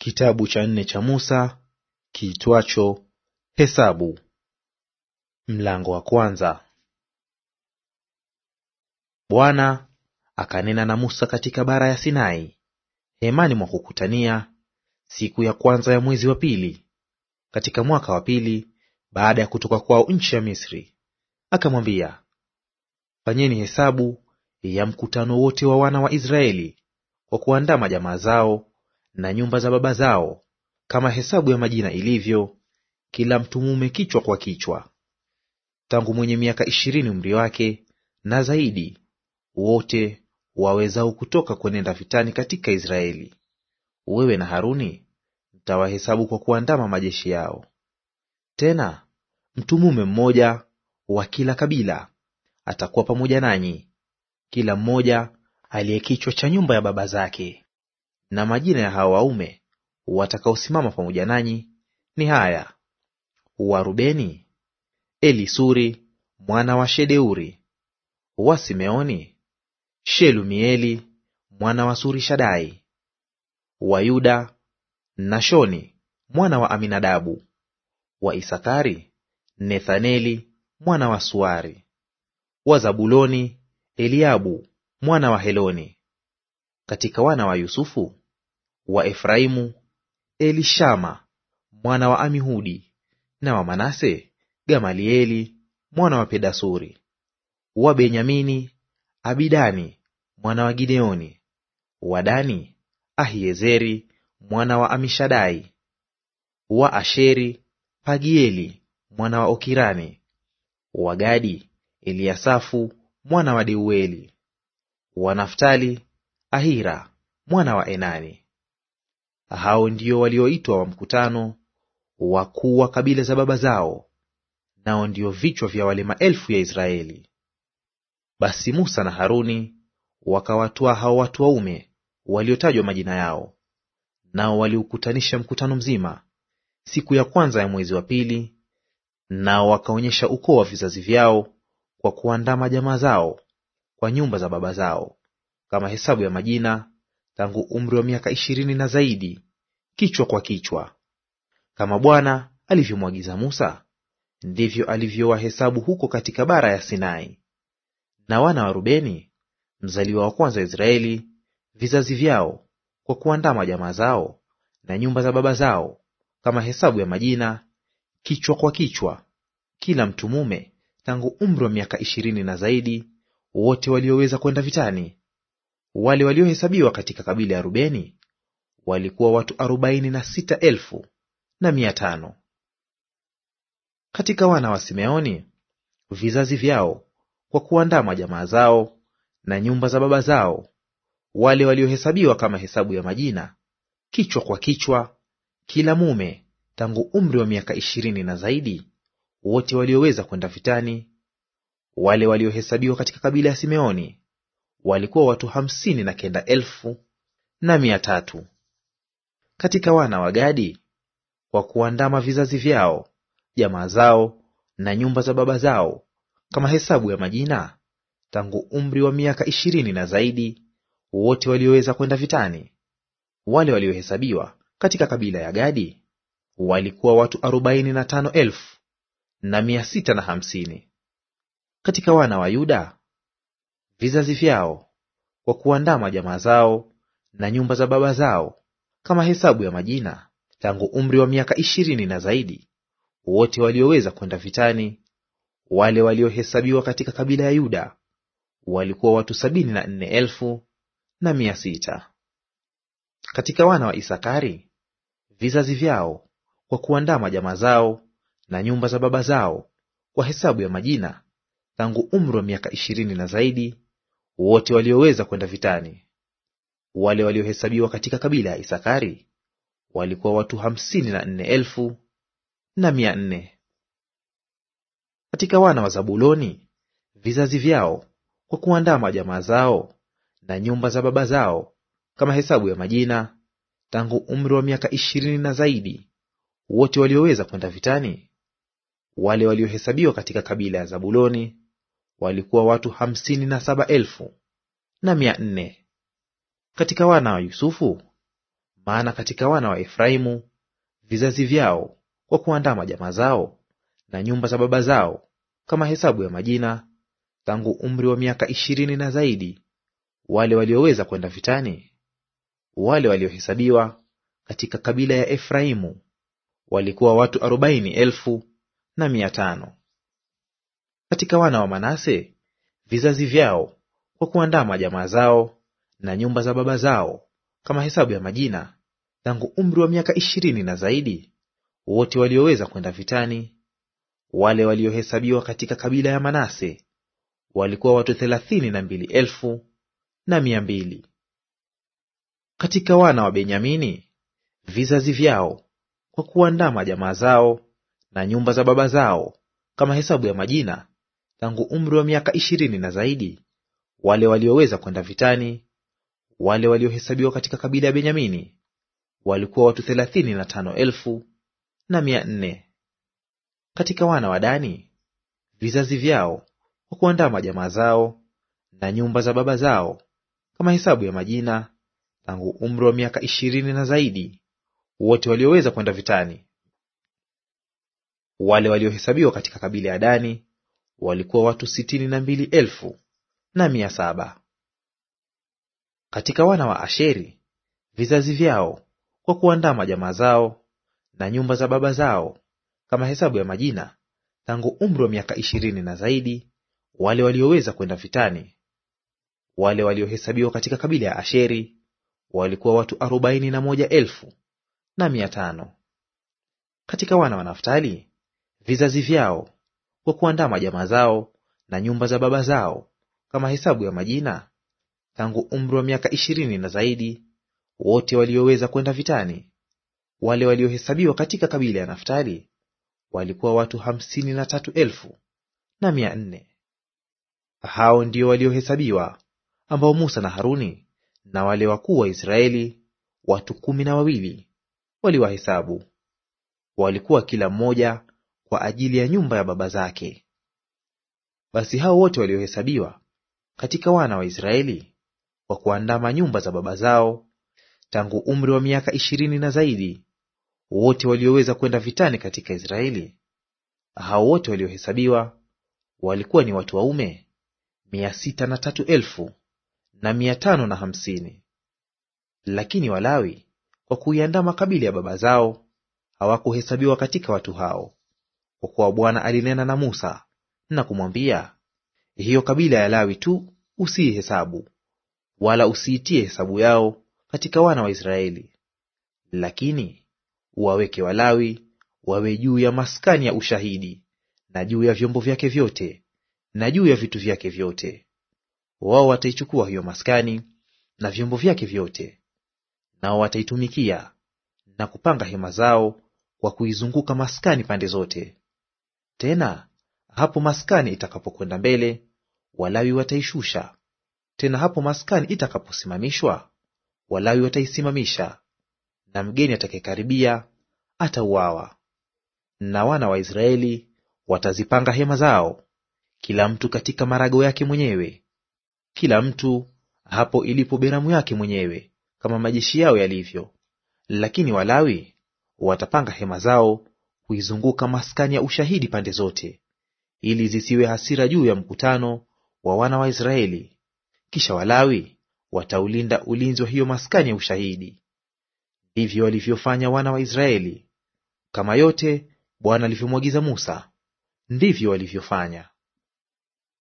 Kitabu cha nne cha Musa kiitwacho Hesabu, mlango wa kwanza. Bwana akanena na Musa katika bara ya Sinai hemani mwa kukutania, siku ya kwanza ya mwezi wa pili katika mwaka wa pili baada ya kutoka kwao nchi ya Misri. Akamwambia, fanyeni hesabu ya mkutano wote wa wana wa Israeli kwa kuandama jamaa zao na nyumba za baba zao, kama hesabu ya majina ilivyo, kila mtu mume kichwa kwa kichwa, tangu mwenye miaka ishirini umri wake na zaidi, wote wawezao kutoka kwenenda vitani katika Israeli. Wewe na Haruni mtawahesabu kwa kuandama majeshi yao. Tena mtu mume mmoja wa kila kabila atakuwa pamoja nanyi, kila mmoja aliye kichwa cha nyumba ya baba zake. Na majina ya hao waume watakaosimama pamoja nanyi ni haya: wa Rubeni, Elisuri mwana wa Shedeuri; wa Simeoni, Shelumieli mwana wa Surishadai; wa Yuda, Nashoni mwana wa Aminadabu; wa Isakari, Nethaneli mwana wa Suari; wa Zabuloni, Eliabu mwana wa Heloni. Katika wana wa Yusufu wa Efraimu Elishama mwana wa Amihudi, na wa Manase Gamalieli mwana wa Pedasuri; wa Benyamini Abidani mwana wa Gideoni; wa Dani Ahiezeri mwana wa Amishadai; wa Asheri Pagieli mwana wa Okirani; wa Gadi Eliasafu mwana wa Deueli; wa Naftali Ahira mwana wa Enani. Hao ndio walioitwa wa mkutano, wakuu wa kabila za baba zao, nao ndio vichwa vya wale maelfu ya Israeli. Basi Musa na Haruni wakawatoa hao watu waume waliotajwa majina yao, nao waliukutanisha mkutano mzima siku ya kwanza ya mwezi wa pili, nao wakaonyesha ukoo wa vizazi vyao kwa kuandama jamaa zao kwa nyumba za baba zao, kama hesabu ya majina, tangu umri wa miaka ishirini na zaidi kichwa kwa kichwa. Kama Bwana alivyomwagiza Musa, ndivyo alivyowahesabu huko katika bara ya Sinai. Na wana wa Rubeni, mzaliwa wa kwanza Israeli, vizazi vyao kwa kuandama jamaa zao na nyumba za baba zao, kama hesabu ya majina, kichwa kwa kichwa, kila mtu mume tangu umri wa miaka ishirini na zaidi, wote walioweza kwenda vitani. Wale waliohesabiwa katika kabila ya Rubeni walikuwa watu arobaini na sita elfu na mia tano. Katika wana wa Simeoni vizazi vyao kwa kuandama jamaa zao na nyumba za baba zao, wale waliohesabiwa kama hesabu ya majina, kichwa kwa kichwa, kila mume tangu umri wa miaka ishirini na zaidi, wote walioweza kwenda vitani, wale waliohesabiwa katika kabila ya Simeoni walikuwa watu hamsini na kenda elfu na mia tatu katika wana wa Gadi kwa kuandama vizazi vyao, jamaa zao na nyumba za baba zao, kama hesabu ya majina, tangu umri wa miaka ishirini na zaidi, wote walioweza kwenda vitani. Wale waliohesabiwa katika kabila ya Gadi walikuwa watu arobaini na tano elfu na mia sita na hamsini. Katika wana wa Yuda vizazi vyao, kwa kuandama jamaa zao na nyumba za baba zao, kama hesabu ya majina, tangu umri wa miaka ishirini na zaidi, wote walioweza kwenda vitani, wale waliohesabiwa katika kabila ya Yuda walikuwa watu sabini na nne elfu na mia sita. Katika wana wa Isakari vizazi vyao kwa kuandama jamaa zao na nyumba za baba zao kwa hesabu ya majina, tangu umri wa miaka ishirini na zaidi, wote walioweza kwenda vitani wale waliohesabiwa katika kabila ya Isakari walikuwa watu hamsini na nne elfu na mia nne. Katika wana wa Zabuloni vizazi vyao kwa kuandama jamaa zao na nyumba za baba zao, kama hesabu ya majina, tangu umri wa miaka ishirini na zaidi, wote walioweza kwenda vitani, wale waliohesabiwa katika kabila ya Zabuloni walikuwa watu hamsini na saba elfu na mia nne katika wana wa Yusufu? Maana katika wana wa Efraimu vizazi vyao kwa kuandama jamaa zao na nyumba za baba zao, kama hesabu ya majina, tangu umri wa miaka ishirini na zaidi, wale walioweza kwenda vitani, wale waliohesabiwa katika kabila ya Efraimu walikuwa watu arobaini elfu na mia tano. Katika wana wa Manase vizazi vyao kwa kuandama jamaa zao na nyumba za baba zao kama hesabu ya majina, tangu umri wa miaka ishirini na zaidi, wote walioweza kwenda vitani, wale waliohesabiwa katika kabila ya Manase walikuwa watu thelathini na mbili elfu na mia mbili. Katika wana wa Benyamini vizazi vyao kwa kuandama jamaa zao na nyumba za baba zao kama hesabu ya majina, tangu umri wa miaka ishirini na zaidi, wale walioweza kwenda vitani wale waliohesabiwa katika kabila ya Benyamini walikuwa watu thelathini na tano elfu na mia nne. Katika wana wa Dani, vizazi vyao kwa kuandama jamaa zao na nyumba za baba zao, kama hesabu ya majina, tangu umri wa miaka ishirini na zaidi, wote walioweza kwenda vitani. Wale waliohesabiwa katika kabila ya Dani walikuwa watu sitini na mbili elfu na mia saba. Katika wana wa Asheri vizazi vyao, kwa kuandama jamaa zao na nyumba za baba zao, kama hesabu ya majina, tangu umri wa miaka ishirini na zaidi, wale walioweza kwenda vitani, wale waliohesabiwa katika kabila ya Asheri walikuwa watu arobaini na moja elfu na mia tano. Katika wana wa Naftali vizazi vyao, kwa kuandama jamaa zao na nyumba za baba zao, kama hesabu ya majina, tangu umri wa miaka ishirini na zaidi, wote walioweza kwenda vitani. Wale waliohesabiwa katika kabila ya Naftali walikuwa watu hamsini na tatu elfu na mia nne. Hao ndio waliohesabiwa ambao Musa na Haruni na wale wakuu wa Israeli watu kumi na wawili waliwahesabu. Walikuwa kila mmoja kwa ajili ya nyumba ya baba zake. Basi hao wote waliohesabiwa katika wana wa Israeli wa kuandama nyumba za baba zao tangu umri wa miaka ishirini na zaidi, wote walioweza kwenda vitani katika Israeli, hao wote waliohesabiwa walikuwa ni watu waume mia sita na tatu elfu na mia tano na hamsini. Lakini Walawi kwa kuiandaa makabila ya baba zao hawakuhesabiwa katika watu hao, kwa kuwa Bwana alinena na Musa na kumwambia, hiyo kabila ya Lawi tu usiihesabu wala usiitie hesabu yao katika wana wa Israeli. Lakini uwaweke Walawi wawe juu ya maskani ya ushahidi na juu ya vyombo vyake vyote na juu ya vitu vyake vyote. Wao wataichukua hiyo maskani na vyombo vyake vyote, nao wataitumikia na kupanga hema zao kwa kuizunguka maskani pande zote. Tena hapo maskani itakapokwenda mbele, Walawi wataishusha tena hapo maskani itakaposimamishwa, Walawi wataisimamisha, na mgeni atakayekaribia atauawa. Na wana wa Israeli watazipanga hema zao, kila mtu katika marago yake mwenyewe, kila mtu hapo ilipo beramu yake mwenyewe, kama majeshi yao yalivyo. Lakini Walawi watapanga hema zao kuizunguka maskani ya ushahidi pande zote, ili zisiwe hasira juu ya mkutano wa wana wa Israeli kisha Walawi wataulinda ulinzi wa hiyo maskani ya ushahidi. Ndivyo walivyofanya wana wa Israeli; kama yote Bwana alivyomwagiza Musa, ndivyo walivyofanya.